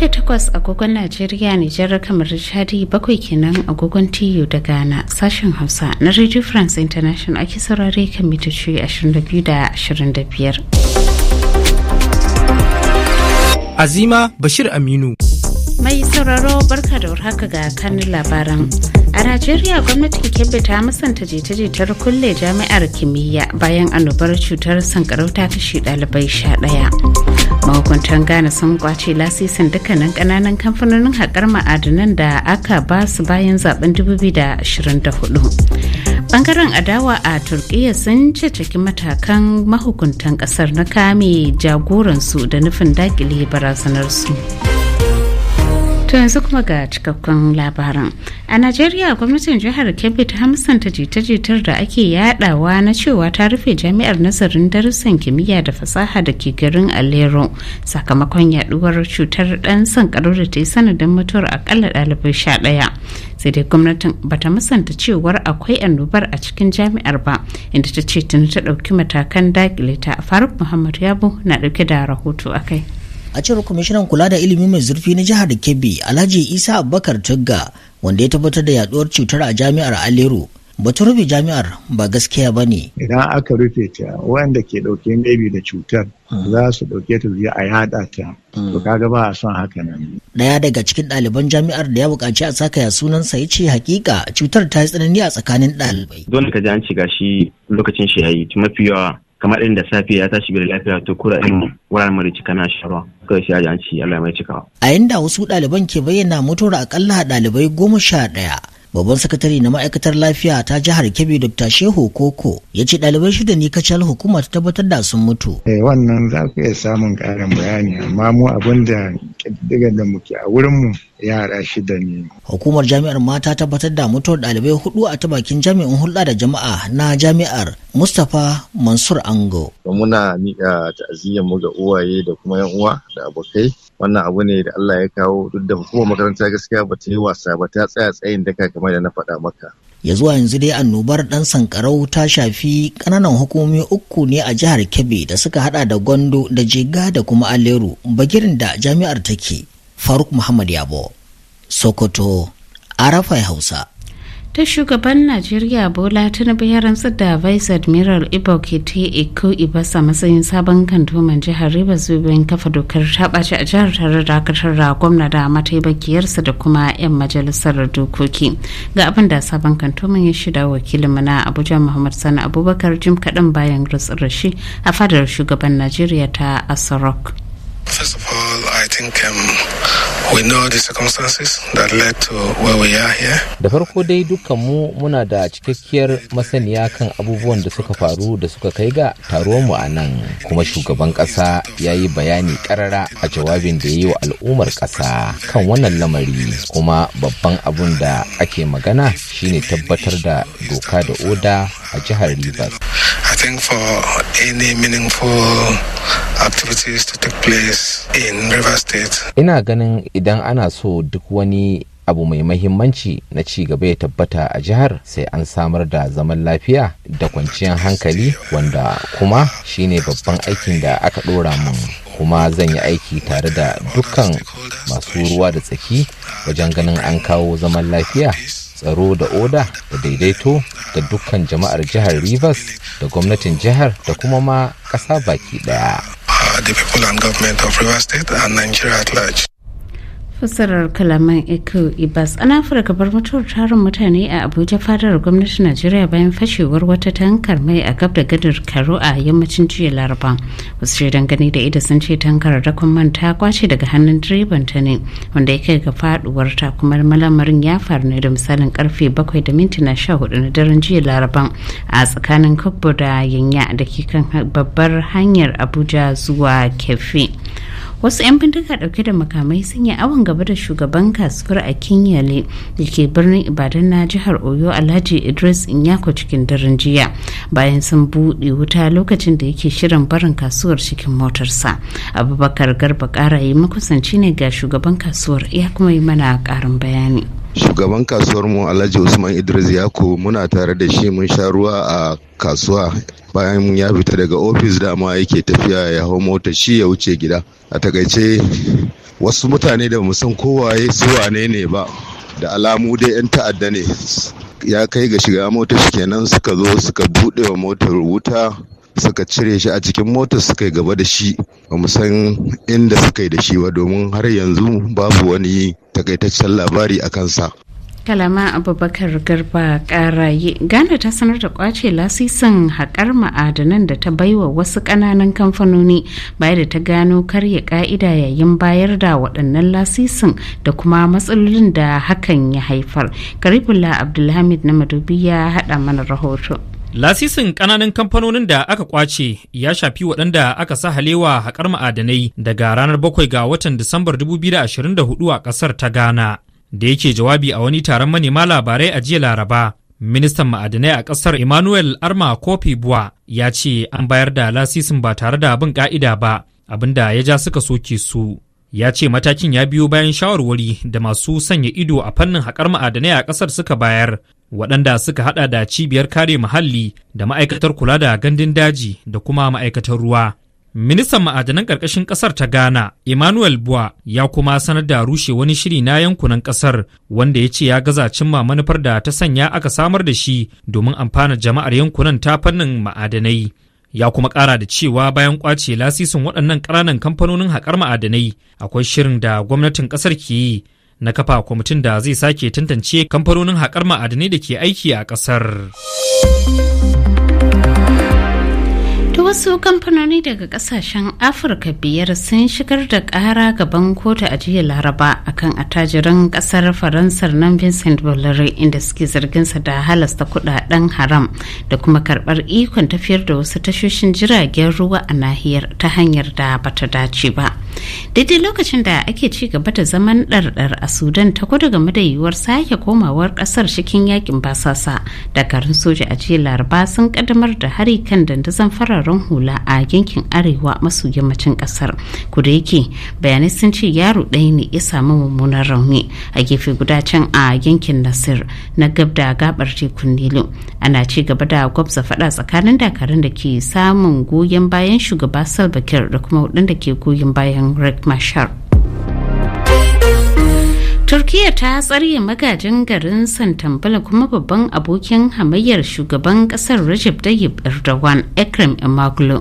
karfe 8 agogon najeriya nijar kamar chadi bakwai kenan agogon tiyo da ghana sashen hausa na radio france international ake saurare kan mitoci 22 da 25 azima bashir aminu mai sauraro barka da warhaka ga kanin labaran A Najeriya gwamnatin Kebbi ta musanta jita-jitar kulle jami'ar kimiyya bayan annobar cutar sankarau ta kashe ɗalibai sha ɗaya. Mahukuntan Ghana sun kwace lasisin dukkanin ƙananan kamfanonin haƙar ma'adanan da aka ba su bayan zaben 2024. bangaren adawa a turkiyya sun ceceki matakan mahukuntan ƙasar na kame jagoransu da nufin dakile barazanarsu. To yanzu kuma ga cikakkun labaran. A Najeriya gwamnatin jihar Kebbi ta hamsanta jita-jitar da ake yadawa na cewa ta rufe jami'ar nazarin darussan kimiyya da fasaha da ke garin Alero sakamakon yaduwar cutar dan sankarau da ta yi sanadin mutuwar akalla ɗalibai sha ɗaya. Sai dai gwamnatin bata musanta cewar akwai annobar a cikin jami'ar ba inda ta ce tuni ta ɗauki matakan dakile ta Faruk Muhammad Yabo na ɗauke da rahoto akai. a cewar kwamishinan kula da ilimi mai zurfi na jihar kebbi alhaji isa abubakar tugga wanda ya tabbatar da yaduwar cutar a jami'ar alero batu rufe jami'ar ba gaskiya ba ne idan aka rufe ta wanda ke dauke maybe da cutar hmm. za su dauke ta zuwa a yada ta hmm. to kaga ba a son haka nan daya daga cikin ɗaliban jami'ar da ya buƙaci a sakaya sunansa ya ce hakika cutar ta yi tsanani a tsakanin ɗalibai dole ka ji an ci gashi lokacin shi yayi mafi yawa kamar irin da safiya ya tashi bai lafiya to kura irin wuraren mara cika na sharwa kawai shi ajiyanci, Allah mai cikawa. A yanda wasu ɗaliban ke bayyana mutuwar akalla ɗalibai goma sha ɗaya babban sakatare na ma'aikatar lafiya ta jihar kebbi dr shehu koko ya ce ɗalibai shida ne kacal hukuma ta tabbatar da sun mutu eh, wannan za ku iya samun ƙarin bayani amma mu abin da ƙididdigar da muke a wurinmu yara shida ne hukumar jami'ar mata tabbatar da mutuwar ɗalibai hudu a ta bakin jami'in hulɗa da jama'a na jami'ar mustapha mansur ango muna miƙa ta'aziyyar mu ga uwaye da kuma yan uwa da abokai wannan abu ne da Allah ya kawo duk da hukumar makaranta gaskiya ba ta yi wasa ba ta tsaya tsayin daka kamar da na faɗa maka. Ya zuwa yanzu dai annobar ɗan sankarau ta shafi ƙananan hukumomi uku ne a jihar Kebbi da suka hada da Gondo da Jega da kuma Aleru bagirin da jami'ar take Faruk Muhammad Yabo Sokoto Arafai Hausa. ta shugaban najeriya bola tinubu ya rantsu da vice admiral ta eko ibasa matsayin sabon kantoman jihar rivers zuben kafa dokar ta a jihar tare da dakatar da gwamna da mataimakiyarsa da kuma 'yan majalisar dokoki ga abin da sabon kantoman ya shida wakilin Muna abuja muhammad sani abubakar jim kaɗan bayan rashi a fadar shugaban najeriya ta asarok We know the circumstances that led to where we are Da farko dai dukkanmu muna da cikakkiyar masaniya kan abubuwan da suka faru da suka kai ga taruwan mu a nan kuma shugaban ƙasa ya yi bayani ƙarara a jawabin da ya yi wa al'ummar ƙasa kan wannan lamari kuma babban abun da ake magana shine tabbatar da doka da oda a jihar Rivers. I think for any meaningful activities to take place in River State. Ina ganin idan ana so duk wani abu mai mahimmanci na ci gaba ya tabbata a jihar sai an samar da zaman lafiya da kwanciyar hankali wanda kuma shine babban aikin da aka dora mun kuma zan yi aiki tare da dukkan masu ruwa da tsaki wajen ganin an kawo zaman lafiya tsaro da oda da daidaito da dukkan jama'ar jihar rivers da gwamnatin jihar da kuma ma ƙasa baki daya. Uh, fassarar kalaman eco ibas an afirka bar mutuwar tarin mutane a abuja fadar gwamnatin najeriya bayan fashewar wata tankar mai a gab da gadar karo a yammacin jiya laraba wasu shaidan gani da ida sun ce tankar rakon man ta kwace daga hannun direban ta ne wanda ya kai ga faduwar ta kuma malamarin ya faru ne da misalin karfe bakwai da mintuna sha hudu na daren jiya laraba a tsakanin kabbo da yanya da ke kan babbar hanyar abuja zuwa kefi wasu 'yan bindiga dauke da makamai sun yi awon gaba da shugaban kasuwar a kinyale da ke birnin ibadan na jihar oyo alhaji idris inyako cikin daren jiya bayan sun buɗe wuta lokacin da yake shirin barin kasuwar cikin motarsa abubakar garba kara yi makusanci ne ga shugaban kasuwar ya kuma yi mana karin bayani shugaban kasuwar mu alhaji usman idris yako muna tare da shi mun sha ruwa a kasuwa bayan ya fita daga ofis da dama yake tafiya ya hau mota shi ya wuce gida a takaice wasu mutane da musan kowaye su wane ne ba da alamu dai 'yan ta'adda ne ya kai ga shiga mota shi kenan suka zo suka buɗe wa motar wuta suka cire shi a cikin motar suka yi gaba da shi ba mu san inda suka yi da shi ba domin har yanzu babu wani takaitaccen labari a kansa kalama abubakar garba karaye ghana ta sanar da kwace lasisin haƙar ma'adanan da ta baiwa wasu ƙananan kamfanoni bayan da ta gano karya ka'ida yayin bayar da waɗannan lasisin da kuma matsalolin da hakan ya haifar karifula abdulhamid na madubi ya haɗa mana rahoto Lasisin ƙananan kamfanonin da aka kwace ya shafi waɗanda aka sa halewa haƙar ma'adanai daga ranar 7 ga watan Disambar 2024 a ƙasar ta Ghana. da yake jawabi a wani taron manema labarai a jiya laraba ministan ma'adinai a ƙasar emmanuel arma kofi buwa ya ce an bayar da lasisin ba tare da bin ka'ida ba abin da ya ja suka soke su ya ce matakin ya biyo bayan shawarwari da masu sanya ido a fannin haƙar ma'adinai a ƙasar suka bayar waɗanda suka haɗa da cibiyar kare muhalli da ma'aikatar kula da gandun daji da kuma ma'aikatar ruwa Ministan ma'adanan ƙarƙashin ƙasar ta Ghana, Emmanuel Bua, ya kuma sanar da rushe wani shiri na yankunan ƙasar wanda ya ce ya gaza cimma manufar da ta sanya aka samar da shi domin amfana jama'ar yankunan ta fannin ma'adanai. Ya kuma ƙara da cewa bayan ƙwace lasisin waɗannan ƙananan kamfanonin haƙar ma'adanai, akwai shirin da gwamnatin ƙasar ke yi na kafa kwamitin da zai sake tantance kamfanonin haƙar ma'adanai da ke aiki a ƙasar. wasu kamfanoni daga kasashen afirka biyar sun shigar da kara gaban kotu a jiya laraba akan attajirin kasar faransar nan vincent bollore inda suke zarginsa da halasta kudaden haram da kuma karbar ikon tafiyar da wasu tashoshin jiragen ruwa a nahiyar ta hanyar da bata dace ba daidai lokacin da ake ci gaba da zaman ɗarɗar a sudan ta kudu game da yiwuwar sake komawar ƙasar cikin yakin basasa dakarun soja a jiya laraba sun kaddamar da hari kan dandazon fararen hula a yankin arewa maso yammacin ƙasar kuda yake bayanai sun ce yaro ɗaya ne ya samu mummunar rauni a gefe guda can a yankin nasir na gab da gabar tekun nilu ana ci gaba da gwabza faɗa tsakanin dakarun da ke samun goyon bayan shugaba salbakir da kuma waɗanda ke goyon bayan yayin rick mashar turkiya ta tsare magajin garin santambala kuma babban abokin hamayyar shugaban kasar Recep tayyip erdogan ekrem Imamoglu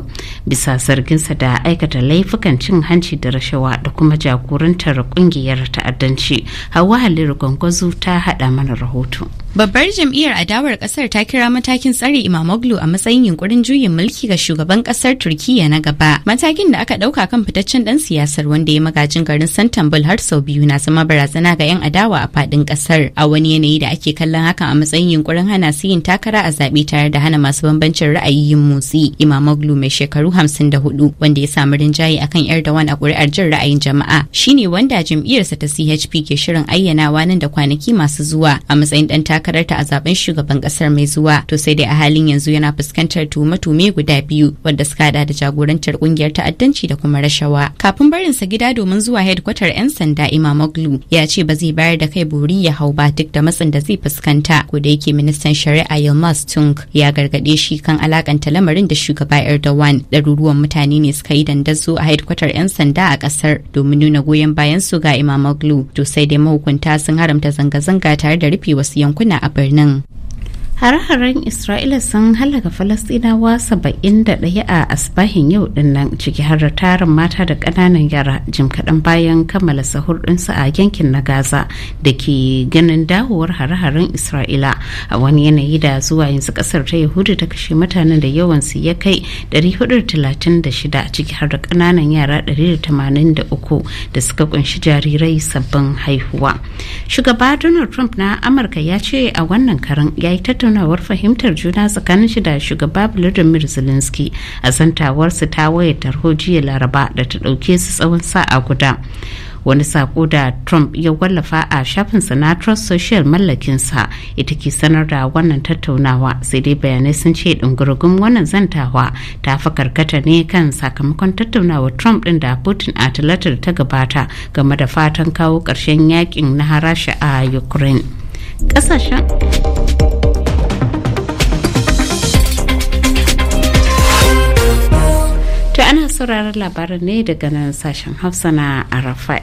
bisa zarginsa da aikata laifukan cin hanci da rashawa da kuma jagorantar kungiyar ta'addanci hawa halilu gwangwazo ta hada mana rahoto Babbar jam'iyyar adawar kasar ta kira matakin tsare Imamoglu a matsayin yunkurin juyin mulki ga shugaban kasar Turkiyya na gaba. Matakin da aka ɗauka kan fitaccen ɗan siyasar wanda ya magajin garin Santanbul har sau biyu na zama barazana ga 'yan adawa a fadin kasar. A wani yanayi da ake kallon hakan a matsayin yunkurin hana su yin takara a zaɓe tare da hana masu bambancin ra'ayi yin motsi. Imamoglu mai shekaru hamsin da hudu wanda ya samu rinjaye akan Erdogan a kuri'ar jin ra'ayin jama'a shine wanda jam'iyyarsa ta CHP ke shirin ayyanawa nan da kwanaki masu zuwa a matsayin dan takararta a zaben shugaban kasar mai zuwa to sai dai a halin yanzu yana fuskantar tuhume-tuhume guda biyu wanda suka hada da jagorantar kungiyar ta'addanci da kuma rashawa kafin barin sa gida domin zuwa hedkwatar 'yan sanda imamoglu ya ce ba zai bayar da kai buri ya hau ba duk da matsin da zai fuskanta ko da yake ministan shari'a yilmaz tunk ya gargade shi kan alakanta lamarin da shugaba erdogan ɗaruruwan mutane ne suka yi dandazo a hedkwatar 'yan sanda a kasar domin nuna goyon bayan su ga imamoglu to sai dai mahukunta sun haramta zanga-zanga tare da rufe wasu yankunan bankuna a birnin Hare-haren Isra'ila sun halaka Falastinawa saba'in da ɗaya a asbahin yau dinnan ciki har da tarin mata da ƙananan yara jim kaɗan bayan kammala sahur ɗinsu a yankin na Gaza da ke ganin dawowar hare-haren Isra'ila a wani yanayi da zuwa yanzu ƙasar ta Yahudu ta kashe mutane da yawansu ya kai 436 ciki har da ƙananan yara 183 da suka kunshi jarirai sabbin haihuwa. Shugaba Donald Trump na Amurka ya ce a wannan karan ya yi tattauna tattaunawar fahimtar juna tsakanin shi da shugaba Vladimir Zelensky a zantawarsu ta waya tarho jiya Laraba da ta dauke su tsawon sa'a guda. wani sako da trump ya wallafa a shafin sanatar social mallakinsa ita ke sanar da wannan tattaunawa sai dai bayanai sun ce ɗungurgun wannan zantawa ta fi karkata ne kan sakamakon tattaunawar trump ɗin da putin a talatar ta gabata game da fatan kawo ƙarshen yakin na harasha a ukraine sauraron labarin ne daga nan sashen hausana na arafai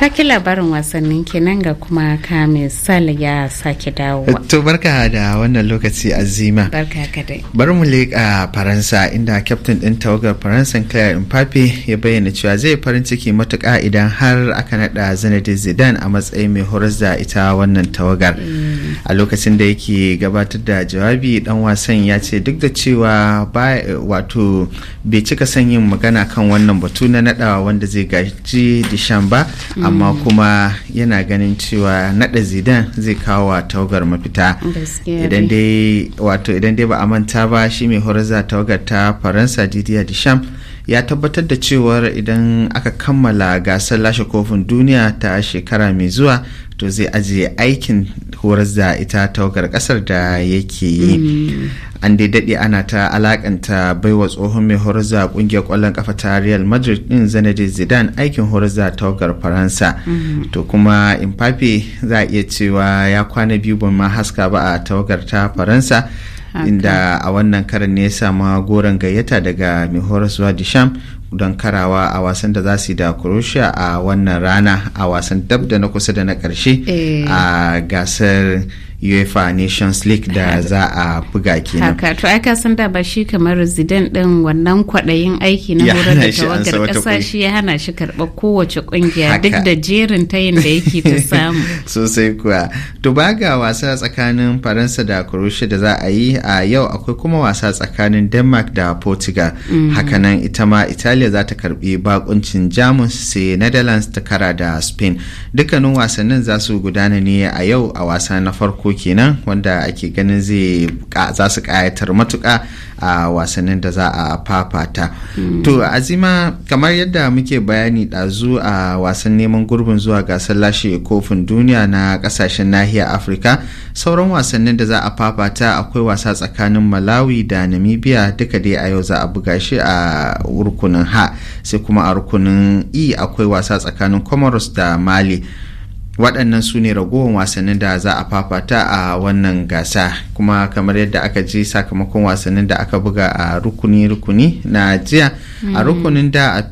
taki labarin wasannin kenan ga kuma kame sal ya sake dawo. To barka da wannan lokaci azima. Barka ka dai. Bari mu leƙa Faransa inda kyaftin ɗin tawagar Faransa Claire Mbappe ya bayyana cewa zai farin ciki matuƙa idan har aka naɗa Zinedine Zidane a matsayin mai horar da ita wannan tawagar. Mm. a lokacin da yake gabatar da jawabi dan wasan ya ce duk da cewa wato bai cika son yin magana kan wannan batu na nadawa wanda zai gaji dishan ba amma mm. kuma yana ganin cewa nada zidan zai kawo wa tawagar mafita idan dai wato idan dai ba a manta ba shi mai horaza tawagar ta faransa didiya disham ya tabbatar da cewar idan aka kammala gasar lashe kofin duniya ta shekara mai zuwa to zai ajiye aikin horar da ita tawagar kasar da yake yi mm. an dai daɗe ana ta alakanta baiwa tsohon mai horar da kungiyar kwallon kafa ta real madrid din zanadi zidane aikin horar da tawagar faransa mm. to kuma impape za a iya cewa ya kwana biyu ban ma haska ba a tawagar ta faransa inda a wannan karan ne ya samu goron gayyata daga mai horar disham don karawa a wasan da za su yi da croatia a wannan rana a wasan dab da na kusa da na karshe eh. a gasar uefa nations league da za a buga kenan haka to aka san da ba shi kamar residen din wannan kwaɗayin aiki na horar da tawagar kasa shi ya hana shi karba kowace ƙungiya duk da jerin tayin da yake ta samu sosai kuwa to ba ga wasa tsakanin faransa da croatia da za a yi a yau akwai kuma wasa tsakanin denmark da portugal mm. hakanan ita ma italy Italiya za ta karbi bakuncin Jamus sai Netherlands ta kara da Spain. Dukkanin wasannin za su gudana ne a yau a wasa na farko kenan wanda ake ganin za su kayatar matuka a wasannin da za a fafata. Hmm. To azima kamar yadda muke bayani ɗazu a wasan neman gurbin zuwa gasar lashe kofin duniya na ƙasashen nahiyar Afirka sauran wasannin da za a fafata akwai wasa tsakanin Malawi da Namibia duka dai a yau za a buga shi a rukunin ha sai kuma a rukunin e akwai wasa tsakanin comoros da mali waɗannan su ne ragowar wasannin da za a fafata a wannan gasa kuma kamar yadda aka ji sakamakon wasannin da aka buga a rukuni-rukuni na jiya a hmm. rukunin da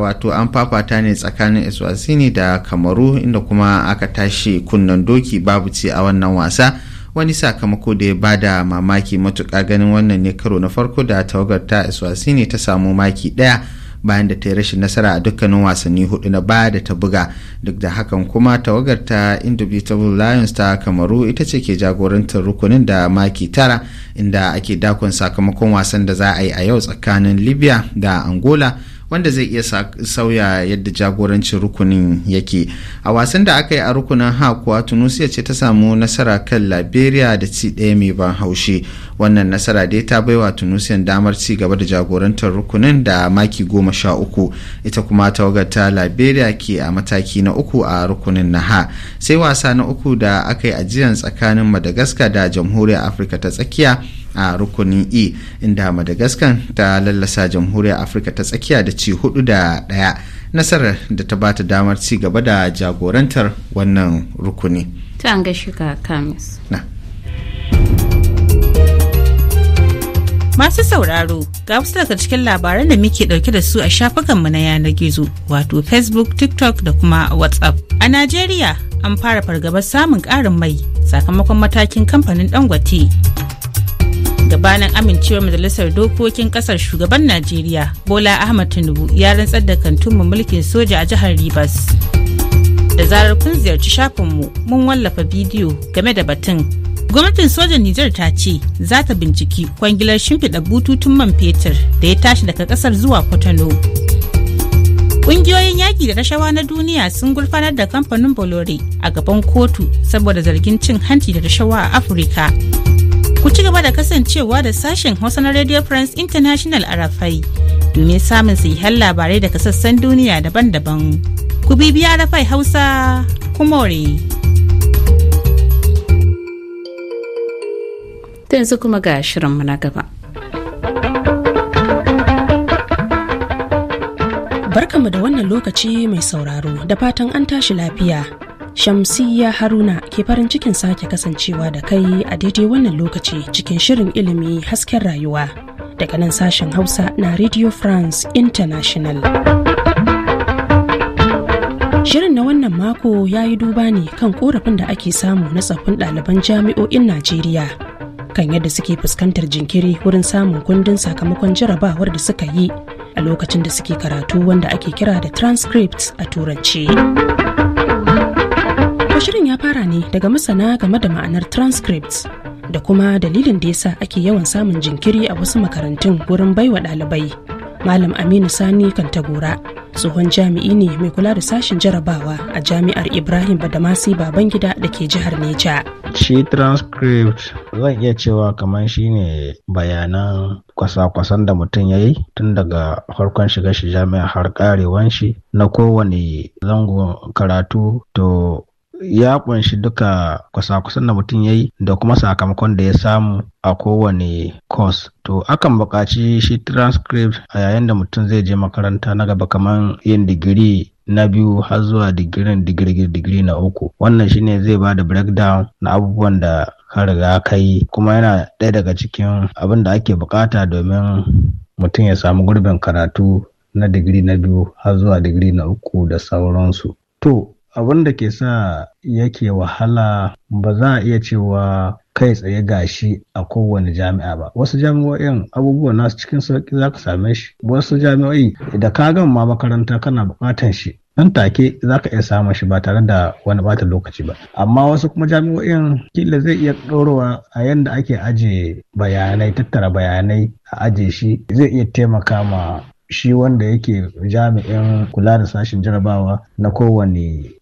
wato an fafata ne tsakanin eswatini da kamaru inda kuma aka tashi kunnen doki babu ci a wannan wasa wani sakamako da ya bada mamaki matuƙa ganin wannan ne karo na farko da tawagar ta eswatini ta samu maki ɗaya bayan da ta yi rashin nasara a dukkanin wasanni hudu na baya da ta buga duk da hakan kuma tawagar ta indubitable lions ta kamaru ita ce ke jagorantar rukunin da maki tara inda ake dakon sakamakon wasan da za a yi a yau tsakanin libya da angola wanda zai iya sauya yadda jagorancin rukunin yake a wasan da aka yi a rukunin ha kuwa tunisia ce ta samu nasara kan liberia da ci ɗaya mai ban haushi wannan nasara dai ta baiwa tunusiyan damar ci gaba da jagorantar rukunin da maki goma sha uku ita kuma tawagar ta liberia ke a mataki na uku a rukunin na ha sai wasa na uku da aka yi ajiyan tsakanin madagascar da jamhuriyar afirka ta tsakiya a rukunin e inda madagascar ta lallasa jamhuriyar afirka ta tsakiya da ci hudu da daya nasarar da ta bata damar ci gaba da jagorantar wannan rukuni Masu sauraro ga wasu daga cikin labaran da muke dauke da su a shafukanmu na yanar gizo wato Facebook, TikTok da kuma WhatsApp. A nigeria an fara fargabar samun karin mai sakamakon matakin kamfanin Dangote. gabanin amincewar majalisar dokokin kasar shugaban najeriya bola ahmad tinubu ya rantsar da mu mulkin soja a jihar rivers da zarar kun ziyarci shafinmu mun wallafa bidiyo game da batun gwamnatin sojan nijar ta ce za ta binciki kwangilar shimfiɗa bututun man fetur da ya tashi daga ƙasar zuwa kwatano Ƙungiyoyin yaƙi da rashawa na duniya sun gurfanar da kamfanin Bolore a gaban kotu saboda zargin cin hanci da rashawa a Afirka. Ku ci gaba da kasancewa da sashen Hausa na Radio France International a Rafai domin samun sahihan labarai daga sassan duniya daban-daban. Ku bibiya Rafai Hausa kumore. yanzu kuma ga shirinmu na gaba. Barkanmu da wannan lokaci mai sauraro da fatan an tashi lafiya. Shamsiyya Haruna ke farin cikin sake kasancewa da kai a daidai wannan lokaci cikin shirin ilimi hasken rayuwa daga nan sashen Hausa na Radio France International. Shirin na wannan mako ya yi duba ne kan korafin da ake samu na tsaffin ɗaliban jami'o'in Najeriya kan yadda suke fuskantar jinkiri wurin samun kundin sakamakon jarabawar da suka yi a lokacin da suke karatu wanda ake kira da transcripts a turanci. To shirin ya fara ne daga masana game da ma'anar transcripts da kuma dalilin da yasa ake yawan samun jinkiri a wasu makarantun wurin baiwa ɗalibai. Malam Aminu Sani kan tagora, tsohon jami'i ne mai kula da sashen jarabawa a jami'ar Ibrahim Badamasi Babangida da ke jihar Neja. Shi transcript zan iya cewa kamar ne bayanan kwasa-kwasan da mutum ya yi tun daga farkon shiga shi jami'a har karewan shi na kowane zango karatu to ya kunshi duka kwasa-kwasan da mutum ya yi da kuma sakamakon da ya samu a kowane course to akan buƙaci shi transcript a yayin da mutum zai je makaranta na gaba kamar yin digiri na biyu har zuwa digirin digiri digiri na uku wannan shi ne zai ba da breakdown na abubuwan da ka riga ka yi kuma yana ɗaya daga cikin abin da ake bukata domin mutum ya samu gurbin karatu na digiri na biyu har zuwa digiri na uku da sauransu to abin da ke sa yake wahala ba za a iya cewa kai tsaye gashi a kowane jami'a ba wasu jami'o'in abubuwa nasu cikin sauki za ka same shi wasu jami'o'i da ka ma makaranta kana bukatan shi nan take za ka iya samun shi ba tare da wani bata lokaci ba amma wasu kuma jami'o'in kila zai iya ɗorowa a yadda ake aje bayanai tattara bayanai a aje shi zai iya taimaka ma shi wanda yake jami'in kula da sashen jarabawa na kowane